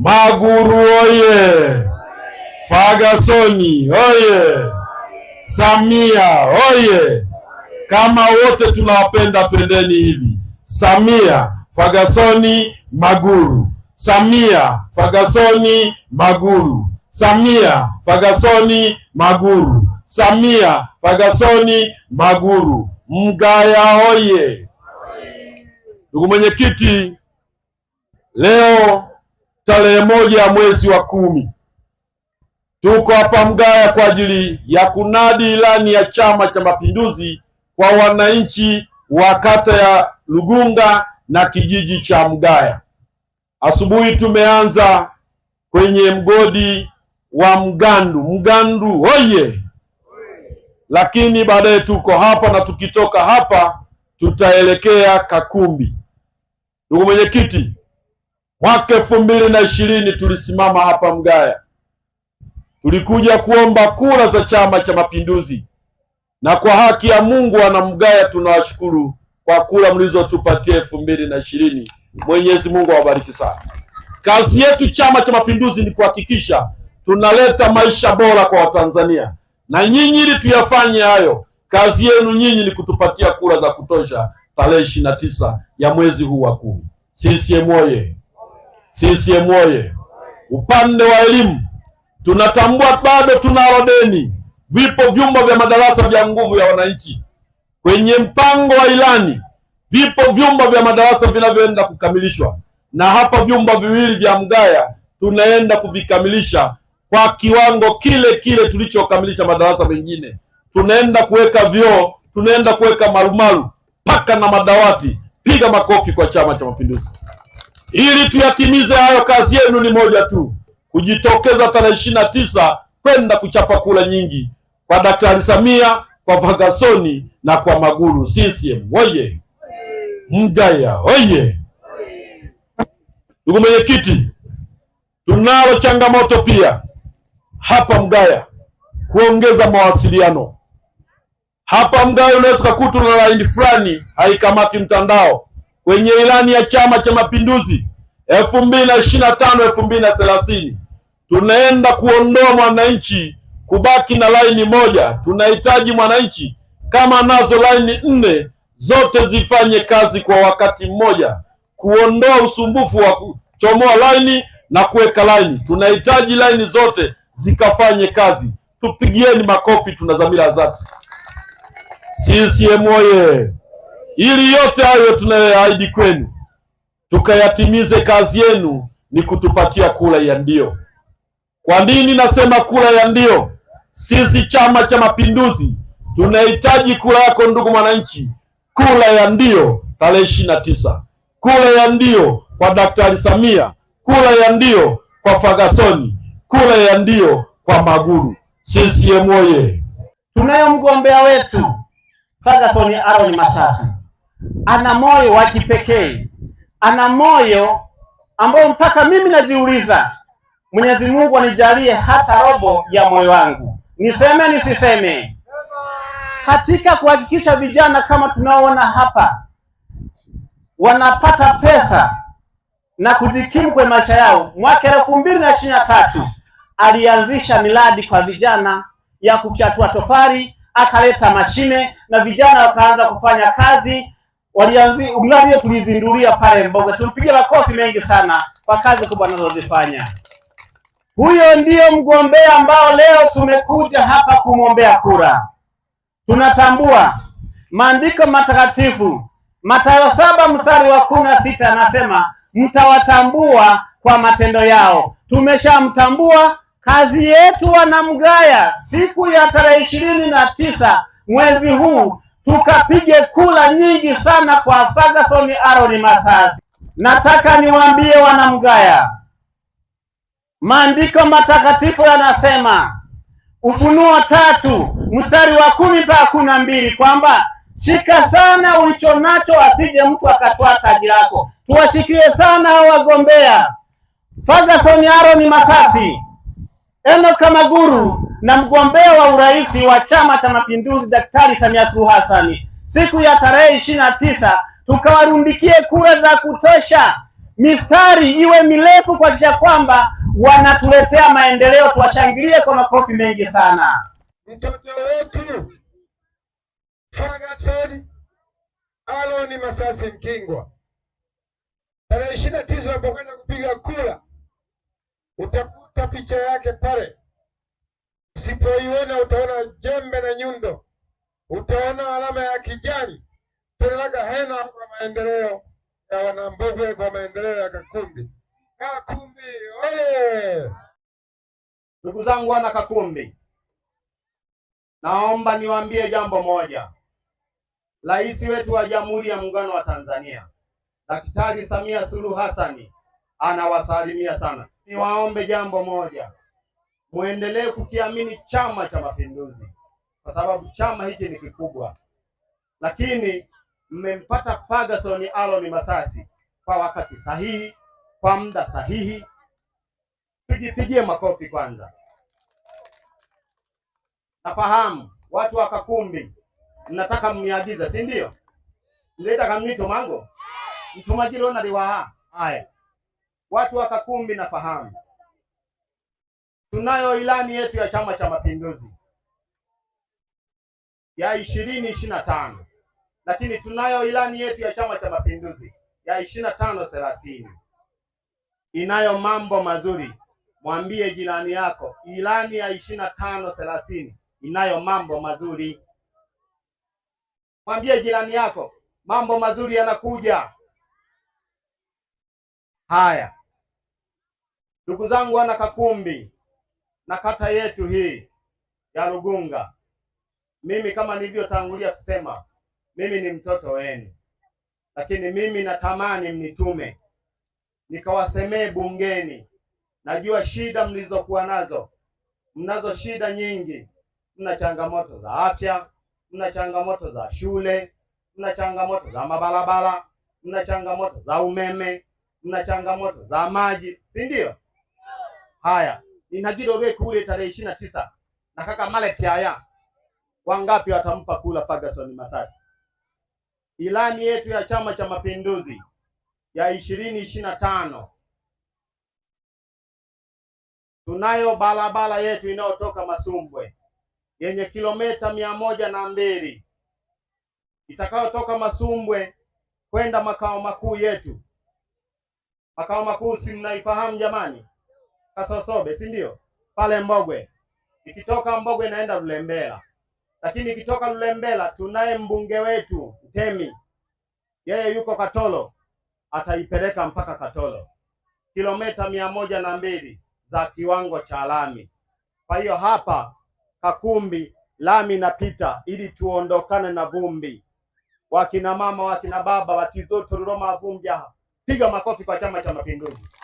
Maguru oye! Fagasoni oye! Samia oye! Kama wote tunawapenda, twendeni hivi: Samia, Fagasoni, Maguru. Samia, Fagasoni, Maguru. Samia, Fagasoni, Maguru. Samia, Fagasoni, Maguru. Mgaya oye! Ndugu mwenyekiti, leo tarehe moja ya mwezi wa kumi tuko hapa Mgaya kwa ajili ya kunadi ilani ya Chama cha Mapinduzi kwa wananchi wa kata ya Lugunga na kijiji cha Mgaya. Asubuhi tumeanza kwenye mgodi wa Mgandu. Mgandu oye! Lakini baadaye tuko hapa na tukitoka hapa tutaelekea Kakumbi. Ndugu mwenyekiti, Mwaka elfu mbili na ishirini tulisimama hapa Mgaya, tulikuja kuomba kura za Chama cha Mapinduzi, na kwa haki ya Mungu wana Mgaya tunawashukuru kwa kura mlizotupatia elfu mbili na ishirini. Mwenyezi Mungu awabariki sana. Kazi yetu Chama cha Mapinduzi ni kuhakikisha tunaleta maisha bora kwa Watanzania, na nyinyi ili tuyafanye hayo, kazi yenu nyinyi ni kutupatia kura za kutosha tarehe ishirini na tisa ya mwezi huu wa kumi. CCM oye! CCM oye! Upande wa elimu tunatambua bado tunalo deni. Vipo vyumba vya madarasa vya nguvu ya wananchi kwenye mpango wa ilani, vipo vyumba vya madarasa vinavyoenda kukamilishwa, na hapa vyumba viwili vya Mgaya tunaenda kuvikamilisha kwa kiwango kile kile tulichokamilisha madarasa mengine. Tunaenda kuweka vyoo, tunaenda kuweka marumaru mpaka na madawati. Piga makofi kwa Chama cha Mapinduzi! ili tuyatimize hayo, kazi yenu ni moja tu, kujitokeza tarehe ishirini na tisa kwenda kuchapa kula nyingi kwa Daktari Samia, kwa Fagasoni na kwa Maguru. CCM oye! Mgaya oye! Ndugu mwenyekiti, tunalo changamoto pia hapa Mgaya kuongeza mawasiliano hapa Mgaya. Unaweza ukakuta na laini fulani haikamati mtandao. Kwenye ilani ya Chama cha Mapinduzi elfu mbili na ishirini na tano elfu mbili na thelathini tunaenda kuondoa mwananchi kubaki na laini moja. Tunahitaji mwananchi kama nazo laini nne zote zifanye kazi kwa wakati mmoja, kuondoa usumbufu wa kuchomoa laini na kuweka laini. Tunahitaji laini zote zikafanye kazi. Tupigieni makofi, tuna dhamira zati. CCM oye! Ili yote hayo tunayoahidi kwenu tukayatimize. Kazi yenu ni kutupatia kura ya ndio. Kwa nini nasema kura ya ndio? Sisi Chama cha Mapinduzi tunahitaji kura yako, ndugu mwananchi, kura ya ndio tarehe ishirini na tisa, kura ya ndio kwa Daktari Samia, kura ya ndio kwa Fagasoni, kura ya ndio kwa Maguru. CCM oye! Tunayo mgombea wetu Fagasoni Aaron Masasi, ana moyo wa kipekee ana moyo ambao mpaka mimi najiuliza, Mwenyezi Mungu anijalie hata robo ya moyo wangu, niseme nisiseme, katika kuhakikisha vijana kama tunaoona hapa wanapata pesa na kujikimu kwa maisha yao. Mwaka elfu mbili na ishirini na tatu alianzisha miradi kwa vijana ya kufyatua tofali, akaleta mashine na vijana wakaanza kufanya kazi walianzi mradi tulizindulia pale Mboga, tumpigia makofi mengi sana kwa kazi kubwa anazozifanya. Huyo ndiyo mgombea ambao leo tumekuja hapa kumwombea kura. Tunatambua maandiko matakatifu Mathayo saba mstari wa kumi na sita anasema mtawatambua kwa matendo yao. Tumeshamtambua, kazi yetu wanamgaya, siku ya tarehe ishirini na tisa mwezi huu tukapige kula nyingi sana kwa Ferguson Aaron Masasi. Nataka niwaambie wanamgaya, maandiko matakatifu yanasema Ufunuo tatu mstari wa kumi mpaka kumi na mbili kwamba shika sana ulicho nacho, asije mtu akatwaa taji lako. Tuwashikie sana hao wagombea Ferguson Aroni Masasi, Enoka Maguru na mgombea wa urais wa Chama cha Mapinduzi Daktari Samia Suluhu Hassan siku ya tarehe ishirini na tisa tukawarundikie kura za kutosha, mistari iwe mirefu kuhakikisha kwamba wanatuletea maendeleo. Tuwashangilie kwa makofi mengi sana. Mtoto wetu Ferguson Aloni Masasi Mkingwa, tarehe ishirini na tisa unapokwenda kupiga kura utakuta picha yake pale. Usipoiona utaona jembe na nyundo, utaona alama ya kijani pelelaka hena kwa maendeleo ya Wanambogwe, kwa maendeleo ya Kakumbi. Kakumbi oye! Ndugu zangu wana Kakumbi, naomba niwaambie jambo moja. Rais wetu wa Jamhuri ya Muungano wa Tanzania Daktari Samia Suluhu Hassani anawasalimia sana. Niwaombe jambo moja muendelee kukiamini Chama cha Mapinduzi kwa sababu chama hiki ni kikubwa, lakini mmempata Fagason Alon Masasi kwa wakati sahihi, kwa muda sahihi. Tujipigie makofi kwanza. Nafahamu watu wa Kakumbi mnataka mmiagiza si ndio? mlitaka mwito mango mtumajilonaliwaha haya, watu wa Kakumbi nafahamu Tunayo ilani yetu ya Chama cha Mapinduzi ya ishirini ishirini na tano lakini tunayo ilani yetu ya Chama cha Mapinduzi ya ishirini na tano thelathini inayo mambo mazuri. Mwambie jirani yako ilani ya ishirini na tano thelathini inayo mambo mazuri. Mwambie jirani yako mambo mazuri yanakuja. Haya, ndugu zangu wana Kakumbi, na kata yetu hii ya Rugunga. Mimi kama nilivyotangulia kusema, mimi ni mtoto wenu, lakini mimi natamani mnitume nikawasemee bungeni. Najua shida mlizokuwa nazo, mnazo shida nyingi, mna changamoto za afya, mna changamoto za shule, mna changamoto za mabarabara, mna changamoto za umeme, mna changamoto za maji, si ndio? Haya, ninagiro we kule tarehe ishirini na tisa na kaka Male Kyaya, wangapi watampa kula Ferguson Masasi? Ilani yetu ya Chama cha Mapinduzi ya ishirini ishirini na tano tunayo barabara yetu inayotoka Masumbwe yenye kilometa mia moja na mbili itakayotoka Masumbwe kwenda makao makuu yetu. Makao makuu si mnaifahamu jamani? Kasosobe, si ndio? Pale Mbogwe. Ikitoka Mbogwe naenda Lulembela. Lakini ikitoka Lulembela tunaye mbunge wetu Mtemi. Yeye yuko Katolo. Ataipeleka mpaka Katolo. Kilometa mia moja na mbili za kiwango cha lami. Kwa hiyo hapa Kakumbi lami inapita ili tuondokane na vumbi. Wakina mama, wakina baba, watizoto Ruroma vumbi, piga makofi kwa Chama cha Mapinduzi.